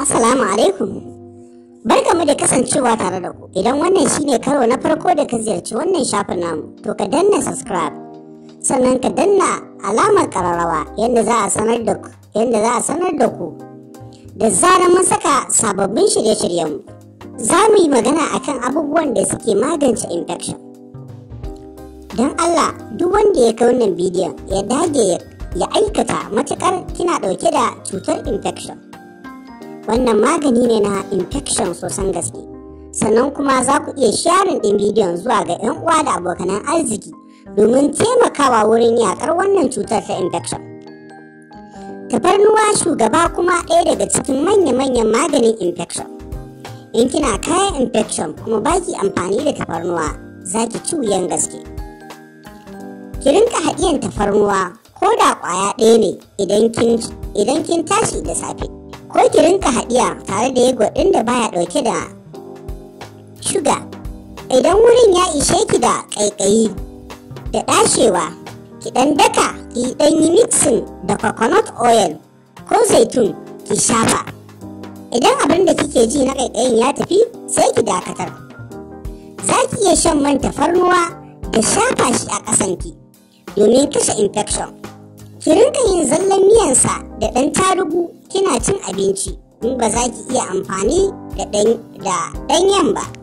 Assalamu alaikum. mu da kasancewa tare da ku. Idan wannan shine karo na farko da ka ziyarci wannan shafin namu, to ka danna subscribe. Sannan ka danna alamar kararrawa yadda za a sanar da ku, yadda za a sanar da ku. Da zarar mun saka sababbin shirye-shiryen za mu yi magana akan abubuwan da suke magance infection. Don Allah, duk wanda ya kai wannan bidiyon ya dage ya aikata matukar kina dauke da cutar infection. wannan magani ne na infection sosan gaske sannan kuma za ku iya sharin ɗin bidiyon zuwa ga 'yan uwa da abokanan arziki domin taimakawa wurin yakar wannan cutar ta infection tafarnuwa shugaba kuma ɗaya daga cikin manya-manyan maganin infection in kina kayan infection kuma baki amfani da tafarnuwa za ki ci wuyan gaske ki rinka haɗiyan tafarnuwa ko da ƙwaya ɗaya ne idan kin tashi da safe ko ki rinka haɗiya tare da yego ɗin da baya ɗauke da shuga idan wurin ya ishe ki da ƙaiƙayi da ɗashewa ki ɗan daka ki ɗan yi mixin da coconut oil ko zaitun ki shafa idan abin da kike ji na ƙaiƙayin ya tafi sai ki dakatar za ki iya shan man tafarnuwa da shafa shi a ƙasan ki, domin kashe infection ki rinka yin zallan miyansa da ɗan tarugu kina cin abinci in ba za ki iya amfani da ɗanyen ba.